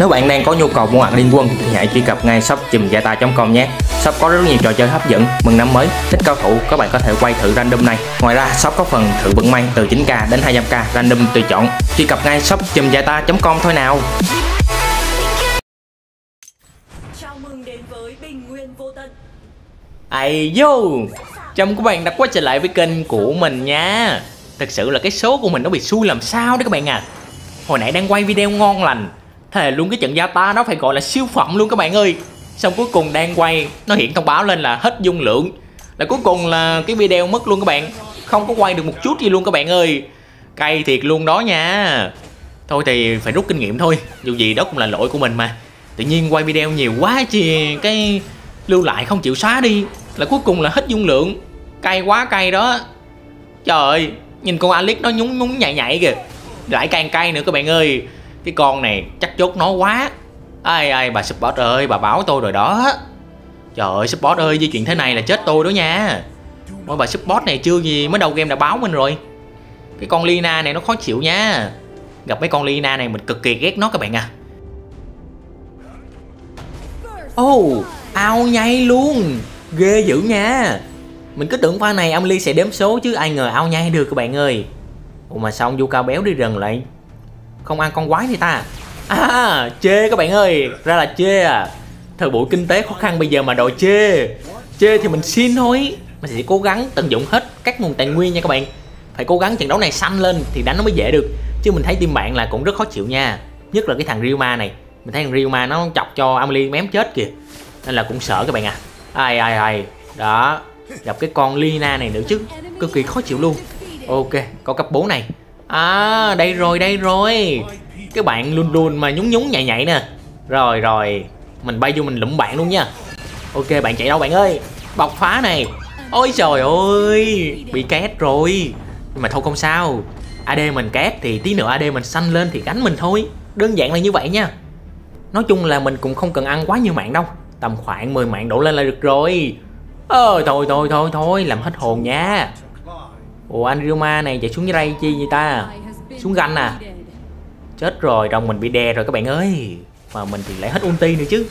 Nếu bạn đang có nhu cầu mua hàng liên quân thì hãy truy cập ngay shop chùm com nhé. Shop có rất nhiều trò chơi hấp dẫn, mừng năm mới, thích cao thủ các bạn có thể quay thử random này. Ngoài ra shop có phần thử vận may từ 9k đến 200k random tùy chọn. Truy cập ngay shop chùm com thôi nào. Chào mừng đến với Bình Nguyên Vô Tận. Ai vô. Chào mừng các bạn đã quay trở lại với kênh của mình nha. Thật sự là cái số của mình nó bị xui làm sao đấy các bạn à. Hồi nãy đang quay video ngon lành thề luôn cái trận gia ta nó phải gọi là siêu phẩm luôn các bạn ơi xong cuối cùng đang quay nó hiện thông báo lên là hết dung lượng là cuối cùng là cái video mất luôn các bạn không có quay được một chút gì luôn các bạn ơi cay thiệt luôn đó nha thôi thì phải rút kinh nghiệm thôi dù gì đó cũng là lỗi của mình mà tự nhiên quay video nhiều quá chi cái lưu lại không chịu xóa đi là cuối cùng là hết dung lượng cay quá cay đó trời ơi nhìn con Alex nó nhúng nhúng nhảy nhảy kìa lại càng cay nữa các bạn ơi cái con này chắc chốt nó quá Ai ai bà support ơi bà báo tôi rồi đó Trời ơi support ơi di chuyện thế này là chết tôi đó nha Mỗi bà support này chưa gì mới đầu game đã báo mình rồi Cái con Lina này nó khó chịu nha Gặp mấy con Lina này mình cực kỳ ghét nó các bạn à Oh, ao nhay luôn Ghê dữ nha Mình cứ tưởng pha này ông Ly sẽ đếm số chứ ai ngờ ao nhay được các bạn ơi Ủa mà sao ông Du Cao Béo đi rừng lại không ăn con quái thì ta à chê các bạn ơi ra là chê à thời buổi kinh tế khó khăn bây giờ mà đòi chê chê thì mình xin thôi mình sẽ cố gắng tận dụng hết các nguồn tài nguyên nha các bạn phải cố gắng trận đấu này xanh lên thì đánh nó mới dễ được chứ mình thấy team bạn là cũng rất khó chịu nha nhất là cái thằng Ryuma này mình thấy thằng Ryuma nó chọc cho Amelie mém chết kìa nên là cũng sợ các bạn à ai ai ai đó gặp cái con Lina này nữa chứ cực kỳ khó chịu luôn ok có cấp 4 này À đây rồi đây rồi Cái bạn luôn luôn mà nhún nhún nhảy nhảy nè Rồi rồi Mình bay vô mình lụm bạn luôn nha Ok bạn chạy đâu bạn ơi Bọc phá này Ôi trời ơi Bị két rồi Nhưng mà thôi không sao AD mình két thì tí nữa AD mình xanh lên thì gánh mình thôi Đơn giản là như vậy nha Nói chung là mình cũng không cần ăn quá nhiều mạng đâu Tầm khoảng 10 mạng đổ lên là được rồi Ờ thôi thôi thôi thôi làm hết hồn nha anh Aniroma này chạy xuống dưới đây chi vậy ta Xuống ganh à Chết rồi đồng mình bị đè rồi các bạn ơi Mà mình thì lại hết ulti nữa chứ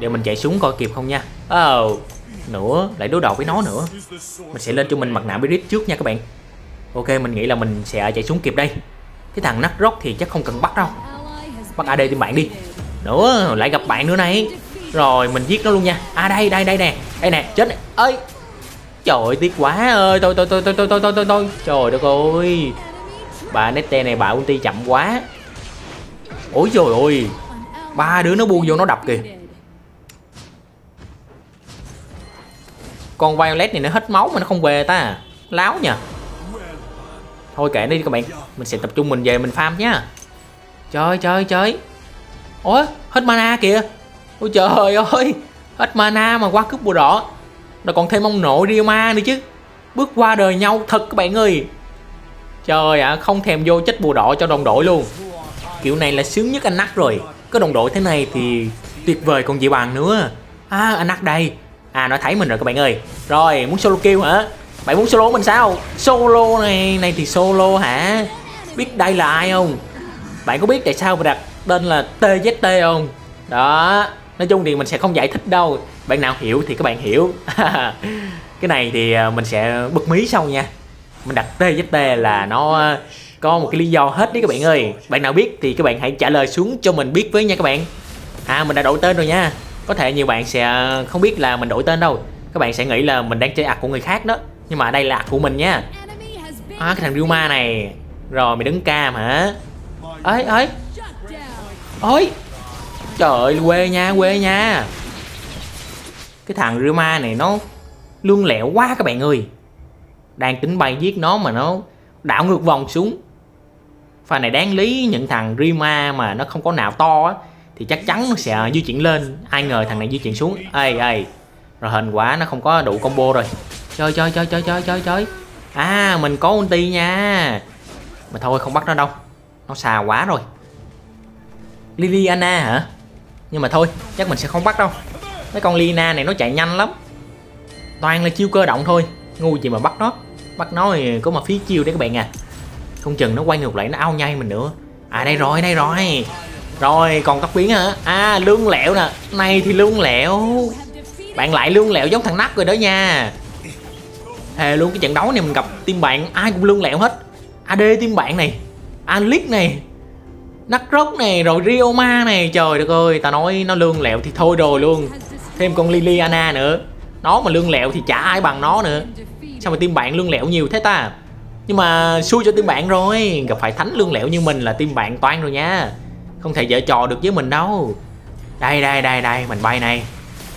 Để mình chạy xuống coi kịp không nha Oh Nữa lại đối đầu với nó nữa Mình sẽ lên cho mình mặt nạ Beerith trước nha các bạn Ok mình nghĩ là mình sẽ chạy xuống kịp đây Cái thằng nắp thì chắc không cần bắt đâu Bắt AD tìm bạn đi Nữa lại gặp bạn nữa này Rồi mình giết nó luôn nha À đây đây đây nè Đây nè chết này. Ơi Trời tiếc quá ơi Tôi tôi tôi tôi tôi tôi tôi tôi Trời đất ơi Bà Nette này bà ulti chậm quá Ôi trời ơi Ba đứa nó buông vô nó đập kìa Con Violet này nó hết máu mà nó không về ta Láo nha Thôi kệ đi các bạn Mình sẽ tập trung mình về mình farm nha Trời trời trời Ôi hết mana kìa Ôi trời ơi Hết mana mà qua cướp bùa đỏ nó còn thêm ông nội ma nữa chứ bước qua đời nhau thật các bạn ơi trời ạ à, không thèm vô chết bùa đỏ cho đồng đội luôn kiểu này là sướng nhất anh nắc rồi có đồng đội thế này thì tuyệt vời còn gì bằng nữa à anh nắc đây à nó thấy mình rồi các bạn ơi rồi muốn solo kêu hả bạn muốn solo mình sao solo này này thì solo hả biết đây là ai không bạn có biết tại sao mà đặt tên là tzt không đó nói chung thì mình sẽ không giải thích đâu bạn nào hiểu thì các bạn hiểu cái này thì à, mình sẽ bật mí sau nha mình đặt t giúp t là nó có một cái lý do hết đấy các bạn ơi bạn nào biết thì các bạn hãy trả lời xuống cho mình biết với nha các bạn à mình đã đổi tên rồi nha có thể nhiều bạn sẽ không biết là mình đổi tên đâu các bạn sẽ nghĩ là mình đang chơi ạc của người khác đó nhưng mà đây là ạc của mình nha à cái thằng Ryuma này rồi mày đứng cam hả ấy ấy ôi Trời ơi quê nha quê nha Cái thằng Rima này nó Lương lẹo quá các bạn ơi Đang tính bay giết nó mà nó Đảo ngược vòng xuống Pha này đáng lý những thằng Rima mà nó không có nào to á Thì chắc chắn nó sẽ di chuyển lên Ai ngờ thằng này di chuyển xuống Ê ê Rồi hình quá nó không có đủ combo rồi Chơi chơi chơi chơi chơi chơi chơi À mình có ulti nha Mà thôi không bắt nó đâu Nó xa quá rồi Liliana hả nhưng mà thôi chắc mình sẽ không bắt đâu mấy con lina này nó chạy nhanh lắm toàn là chiêu cơ động thôi ngu gì mà bắt nó bắt nó thì có mà phí chiêu đấy các bạn à không chừng nó quay ngược lại nó ao nhay mình nữa à đây rồi đây rồi rồi còn tóc biến hả à lương lẹo nè nay thì lương lẹo bạn lại lương lẹo giống thằng nắp rồi đó nha hề luôn cái trận đấu này mình gặp team bạn ai cũng lương lẹo hết ad team bạn này alix này Nacroc này rồi Rioma này trời đất ơi ta nói nó lương lẹo thì thôi rồi luôn thêm con Liliana nữa nó mà lương lẹo thì chả ai bằng nó nữa sao mà team bạn lương lẹo nhiều thế ta nhưng mà xui cho team bạn rồi gặp phải thánh lương lẹo như mình là team bạn toan rồi nha không thể dở trò được với mình đâu đây đây đây đây mình bay này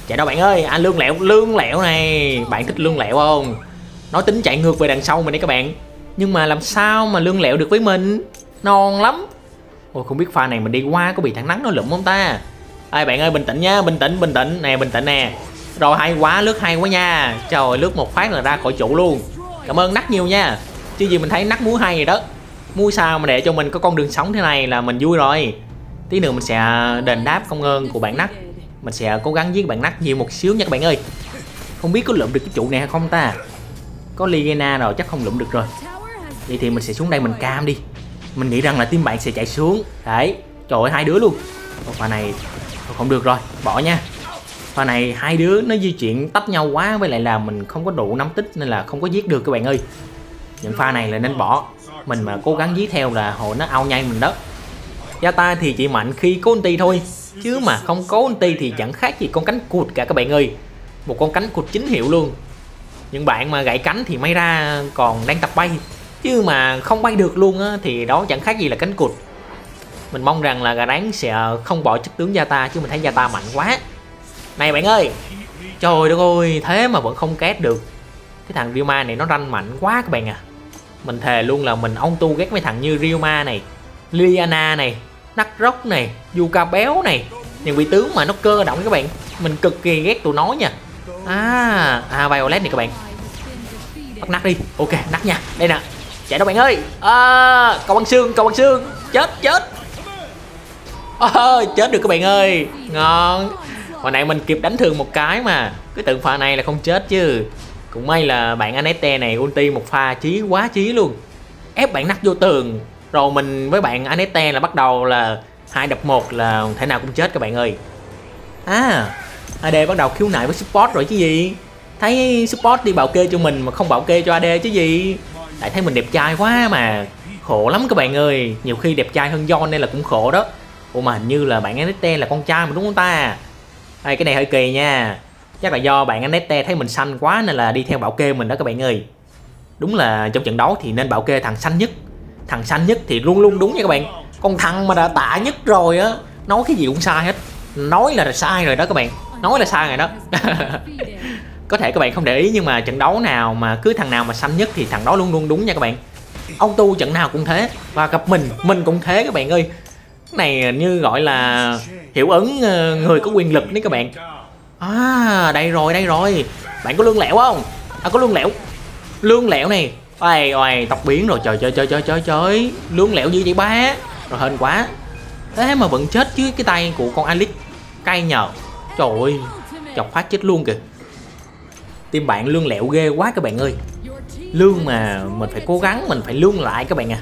chạy đâu bạn ơi anh à, lương lẹo lương lẹo này bạn thích lương lẹo không nó tính chạy ngược về đằng sau mình đấy các bạn nhưng mà làm sao mà lương lẹo được với mình non lắm ôi không biết pha này mình đi qua có bị thẳng nắng nó lụm không ta ai bạn ơi bình tĩnh nhá bình tĩnh bình tĩnh nè bình tĩnh nè rồi hay quá lướt hay quá nha trời lướt một phát là ra khỏi trụ luôn cảm ơn nắc nhiều nha chứ gì mình thấy nắc muối hay rồi đó Muối sao mà để cho mình có con đường sống thế này là mình vui rồi tí nữa mình sẽ à, đền đáp công ơn của bạn nắc mình sẽ cố gắng giết bạn nắc nhiều một xíu nha các bạn ơi không biết có lượm được cái trụ này hay không ta có Ligena rồi chắc không lượm được rồi vậy thì mình sẽ xuống đây mình cam đi mình nghĩ rằng là team bạn sẽ chạy xuống đấy trời ơi hai đứa luôn pha này không được rồi bỏ nha pha này hai đứa nó di chuyển tách nhau quá với lại là mình không có đủ nắm tích nên là không có giết được các bạn ơi những pha này là nên bỏ mình mà cố gắng giết theo là hồi nó ao nhai mình đó gia ta thì chỉ mạnh khi có ulti thôi chứ mà không có ulti thì chẳng khác gì con cánh cụt cả các bạn ơi một con cánh cụt chính hiệu luôn những bạn mà gãy cánh thì may ra còn đang tập bay chứ mà không bay được luôn á thì đó chẳng khác gì là cánh cụt mình mong rằng là gà đáng sẽ không bỏ chức tướng gia ta chứ mình thấy gia ta mạnh quá này bạn ơi trời đất ơi thế mà vẫn không két được cái thằng Rio này nó ranh mạnh quá các bạn à mình thề luôn là mình ông tu ghét mấy thằng như Rio này Liana này Nắc Rốc này Yuka Béo này những vị tướng mà nó cơ động các bạn mình cực kỳ ghét tụi nó nha à à Violet này các bạn bắt nắc đi ok nắc nha đây nè chạy đâu bạn ơi à, cầu băng xương cầu băng xương chết chết à, chết được các bạn ơi ngon hồi nãy mình kịp đánh thường một cái mà cái tượng pha này là không chết chứ cũng may là bạn anete này ulti một pha chí quá chí luôn ép bạn nắt vô tường rồi mình với bạn anete là bắt đầu là hai đập một là thể nào cũng chết các bạn ơi à ad bắt đầu khiếu nại với support rồi chứ gì thấy support đi bảo kê cho mình mà không bảo kê cho ad chứ gì lại thấy mình đẹp trai quá mà khổ lắm các bạn ơi nhiều khi đẹp trai hơn do nên là cũng khổ đó ủa mà hình như là bạn Anette là con trai mà đúng không ta Ê, cái này hơi kỳ nha chắc là do bạn Anette thấy mình xanh quá nên là đi theo bảo kê mình đó các bạn ơi đúng là trong trận đấu thì nên bảo kê thằng xanh nhất thằng xanh nhất thì luôn luôn đúng nha các bạn con thằng mà đã tả nhất rồi á nói cái gì cũng sai hết nói là sai rồi đó các bạn nói là sai rồi đó có thể các bạn không để ý nhưng mà trận đấu nào mà cứ thằng nào mà xanh nhất thì thằng đó luôn luôn đúng nha các bạn ông tu trận nào cũng thế và gặp mình mình cũng thế các bạn ơi cái này như gọi là hiệu ứng ờ, người có quyền lực đấy các bạn à đây rồi đây rồi bạn có lương lẹo không à có lương lẹo lương lẹo này oai oai tóc biến rồi trời trời trời trời trời trời lương lẹo gì vậy ba rồi hên quá thế mà vẫn chết chứ cái tay của con alice. cay nhờ trời ơi chọc phát chết luôn kìa Team bạn lương lẹo ghê quá các bạn ơi Lương mà mình phải cố gắng Mình phải lương lại các bạn à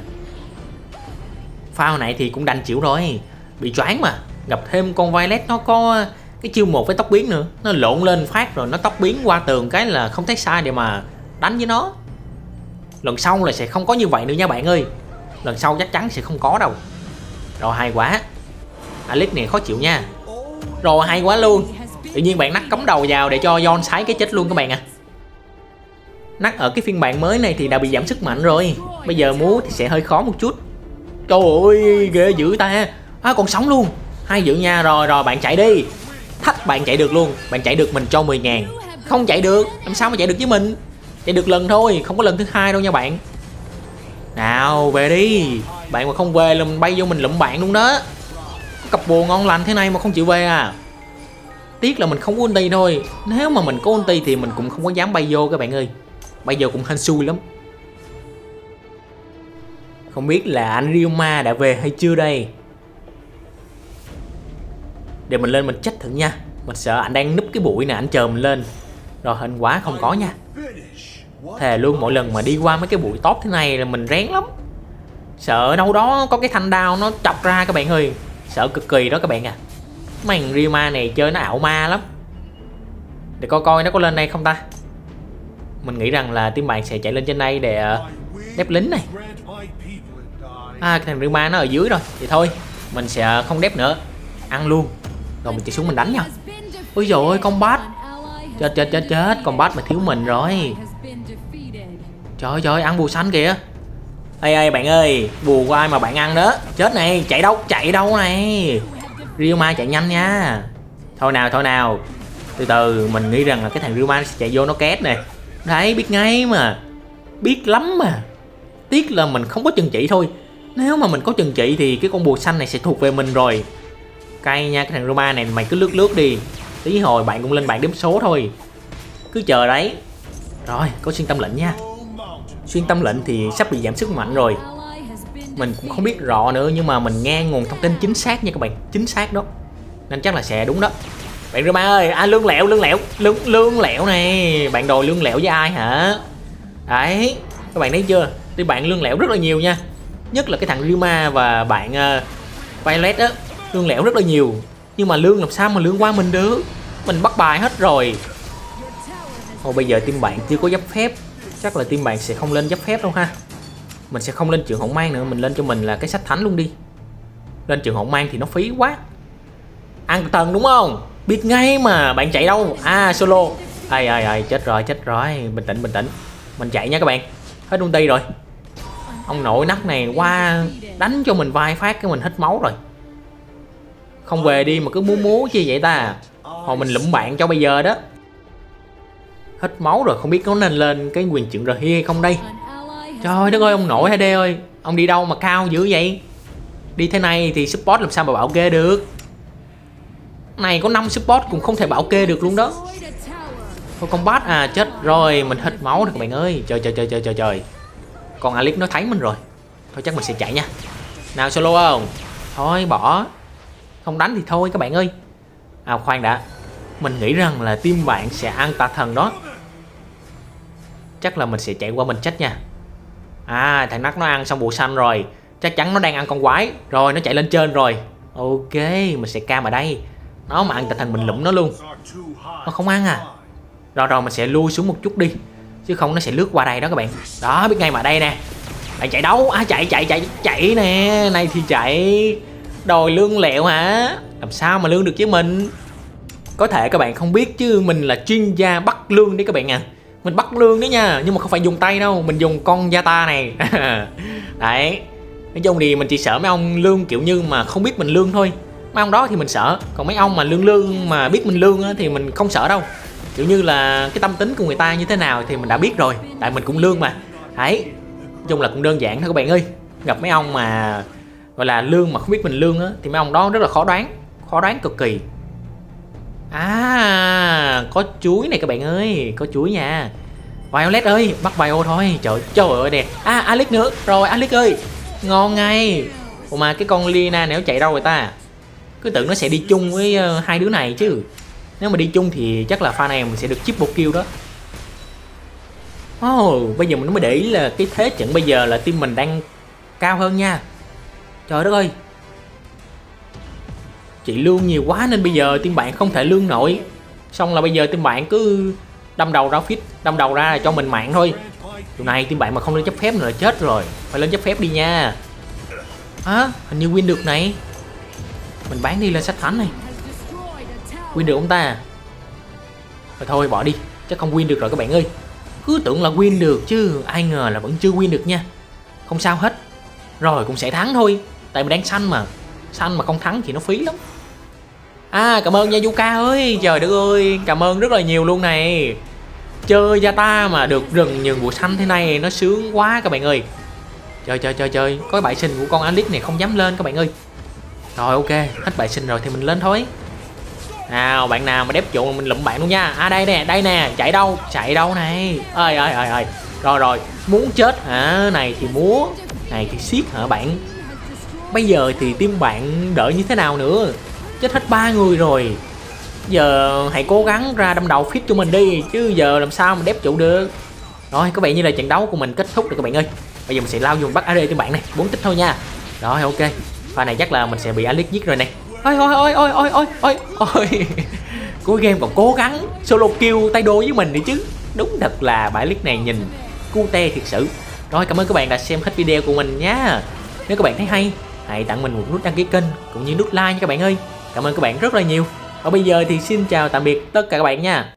Phao này thì cũng đành chịu rồi Bị choáng mà Gặp thêm con Violet nó có cái chiêu một với tóc biến nữa Nó lộn lên phát rồi nó tóc biến qua tường Cái là không thấy sai để mà đánh với nó Lần sau là sẽ không có như vậy nữa nha bạn ơi Lần sau chắc chắn sẽ không có đâu Rồi hay quá Alex này khó chịu nha Rồi hay quá luôn tự nhiên bạn nắc cống đầu vào để cho Yon sái cái chết luôn các bạn à nắc ở cái phiên bản mới này thì đã bị giảm sức mạnh rồi bây giờ múa thì sẽ hơi khó một chút trời ơi ghê dữ ta à còn sống luôn hai giữ nha rồi rồi bạn chạy đi thách bạn chạy được luôn bạn chạy được mình cho 10 ngàn không chạy được làm sao mà chạy được với mình chạy được lần thôi không có lần thứ hai đâu nha bạn nào về đi bạn mà không về là mình bay vô mình lụm bạn luôn đó cặp bồ ngon lành thế này mà không chịu về à Tiếc là mình không có ulti thôi Nếu mà mình có ulti thì mình cũng không có dám bay vô các bạn ơi Bây giờ cũng hên xui lắm Không biết là anh Ryoma đã về hay chưa đây Để mình lên mình trách thử nha Mình sợ anh đang núp cái bụi nè anh chờ mình lên Rồi hình quá không có nha Thề luôn mỗi lần mà đi qua mấy cái bụi top thế này là mình rén lắm Sợ đâu đó có cái thanh đao nó chọc ra các bạn ơi Sợ cực kỳ đó các bạn à Màn Rima này chơi nó ảo ma lắm Để coi coi nó có lên đây không ta Mình nghĩ rằng là team bạn sẽ chạy lên trên đây để ờ, đép lính này À thằng Rima nó ở dưới rồi Thì thôi mình sẽ không đép nữa Ăn luôn Rồi mình chạy xuống mình đánh nha Ôi dồi ôi combat Chết chết chết chết Combat mà thiếu mình rồi Trời trời ăn bù xanh kìa Ê ê bạn ơi Bù của ai mà bạn ăn đó Chết này chạy đâu chạy đâu này Rio Mai chạy nhanh nha Thôi nào thôi nào Từ từ mình nghĩ rằng là cái thằng Rio Mai sẽ chạy vô nó két này Đấy biết ngay mà Biết lắm mà Tiếc là mình không có chừng trị thôi Nếu mà mình có chừng trị thì cái con bùa xanh này sẽ thuộc về mình rồi Cay nha cái thằng Roma này mày cứ lướt lướt đi Tí hồi bạn cũng lên bạn đếm số thôi Cứ chờ đấy Rồi có xuyên tâm lệnh nha Xuyên tâm lệnh thì sắp bị giảm sức mạnh rồi mình cũng không biết rõ nữa nhưng mà mình nghe nguồn thông tin chính xác nha các bạn chính xác đó nên chắc là sẽ đúng đó bạn Roma ơi à lương lẹo lương lẹo lương lương lẹo này bạn đồ lương lẹo với ai hả đấy các bạn thấy chưa thì bạn lương lẹo rất là nhiều nha nhất là cái thằng Rima và bạn uh, Violet á lương lẹo rất là nhiều nhưng mà lương làm sao mà lương qua mình được mình bắt bài hết rồi Ô, bây giờ team bạn chưa có giáp phép chắc là team bạn sẽ không lên giáp phép đâu ha mình sẽ không lên trường hỗn mang nữa mình lên cho mình là cái sách thánh luôn đi lên trường hỗn mang thì nó phí quá ăn tần đúng không biết ngay mà bạn chạy đâu à solo ai ai ai chết rồi chết rồi bình tĩnh bình tĩnh mình chạy nha các bạn hết ulti rồi ông nội nắp này qua đánh cho mình vài phát cái mình hết máu rồi không về đi mà cứ múa múa chi vậy ta hồi mình lụm bạn cho bây giờ đó hết máu rồi không biết có nên lên cái quyền trưởng rồi hay không đây trời đất ơi ông nội hd ơi ông đi đâu mà cao dữ vậy đi thế này thì support làm sao mà bảo kê được này có 5 support cũng không thể bảo kê được luôn đó Thôi combat à chết rồi mình hết máu rồi các bạn ơi trời trời trời trời trời trời còn Alip nó thấy mình rồi thôi chắc mình sẽ chạy nha nào solo không thôi bỏ không đánh thì thôi các bạn ơi à khoan đã mình nghĩ rằng là team bạn sẽ ăn tà thần đó chắc là mình sẽ chạy qua mình chết nha à thằng nắc nó ăn xong bụi xanh rồi chắc chắn nó đang ăn con quái rồi nó chạy lên trên rồi ok mình sẽ cam ở đây nó mà ăn tình thần mình lũng nó luôn nó không ăn à rồi rồi mình sẽ lui xuống một chút đi chứ không nó sẽ lướt qua đây đó các bạn đó biết ngay mà đây nè bạn chạy đấu à chạy chạy chạy chạy nè này thì chạy đòi lương lẹo hả làm sao mà lương được chứ mình có thể các bạn không biết chứ mình là chuyên gia bắt lương đấy các bạn à mình bắt lương đấy nha nhưng mà không phải dùng tay đâu mình dùng con gia ta này đấy nói chung thì mình chỉ sợ mấy ông lương kiểu như mà không biết mình lương thôi mấy ông đó thì mình sợ còn mấy ông mà lương lương mà biết mình lương thì mình không sợ đâu kiểu như là cái tâm tính của người ta như thế nào thì mình đã biết rồi tại mình cũng lương mà đấy nói chung là cũng đơn giản thôi các bạn ơi gặp mấy ông mà gọi là lương mà không biết mình lương á thì mấy ông đó rất là khó đoán khó đoán cực kỳ À Có chuối này các bạn ơi Có chuối nha Violet ơi Bắt bio thôi Trời trời ơi đẹp À Alex nữa Rồi Alex ơi Ngon ngay Ủa mà cái con Lina nếu chạy đâu rồi ta Cứ tưởng nó sẽ đi chung với uh, hai đứa này chứ Nếu mà đi chung thì chắc là pha này mình sẽ được chip một kill đó Oh, bây giờ mình mới để ý là cái thế trận bây giờ là team mình đang cao hơn nha Trời đất ơi chị lương nhiều quá nên bây giờ team bạn không thể lương nổi xong là bây giờ team bạn cứ đâm đầu ra fit đâm đầu ra là cho mình mạng thôi điều này team bạn mà không lên chấp phép nữa là chết rồi phải lên chấp phép đi nha á à, hình như win được này mình bán đi lên sách thánh này win được ông ta rồi thôi bỏ đi chắc không win được rồi các bạn ơi cứ tưởng là win được chứ ai ngờ là vẫn chưa win được nha không sao hết rồi cũng sẽ thắng thôi tại mình đang xanh mà xanh mà không thắng thì nó phí lắm À cảm ơn nha Yuka ơi Trời đất ơi cảm ơn rất là nhiều luôn này Chơi gia ta mà được rừng nhường bụi xanh thế này Nó sướng quá các bạn ơi Trời trời trời trời Có bãi sinh của con Alice này không dám lên các bạn ơi Rồi ok hết bãi sinh rồi thì mình lên thôi nào bạn nào mà đép trụ mình lụm bạn luôn nha À đây nè đây nè chạy đâu chạy đâu này ơi ơi ơi ơi Rồi rồi muốn chết hả này thì múa Này thì siết hả bạn Bây giờ thì team bạn đợi như thế nào nữa chết hết ba người rồi giờ hãy cố gắng ra đâm đầu fit cho mình đi chứ giờ làm sao mà đép trụ được rồi có vẻ như là trận đấu của mình kết thúc rồi các bạn ơi bây giờ mình sẽ lao dùng bắt AD cho bạn này bốn tích thôi nha rồi ok pha này chắc là mình sẽ bị Alex giết rồi này ôi ôi ôi ôi ôi ôi ôi ôi cuối game còn cố gắng solo kill tay đôi với mình nữa chứ đúng thật là bãi clip này nhìn cute thiệt sự rồi cảm ơn các bạn đã xem hết video của mình nhé nếu các bạn thấy hay hãy tặng mình một nút đăng ký kênh cũng như nút like nha các bạn ơi Cảm ơn các bạn rất là nhiều Và bây giờ thì xin chào tạm biệt tất cả các bạn nha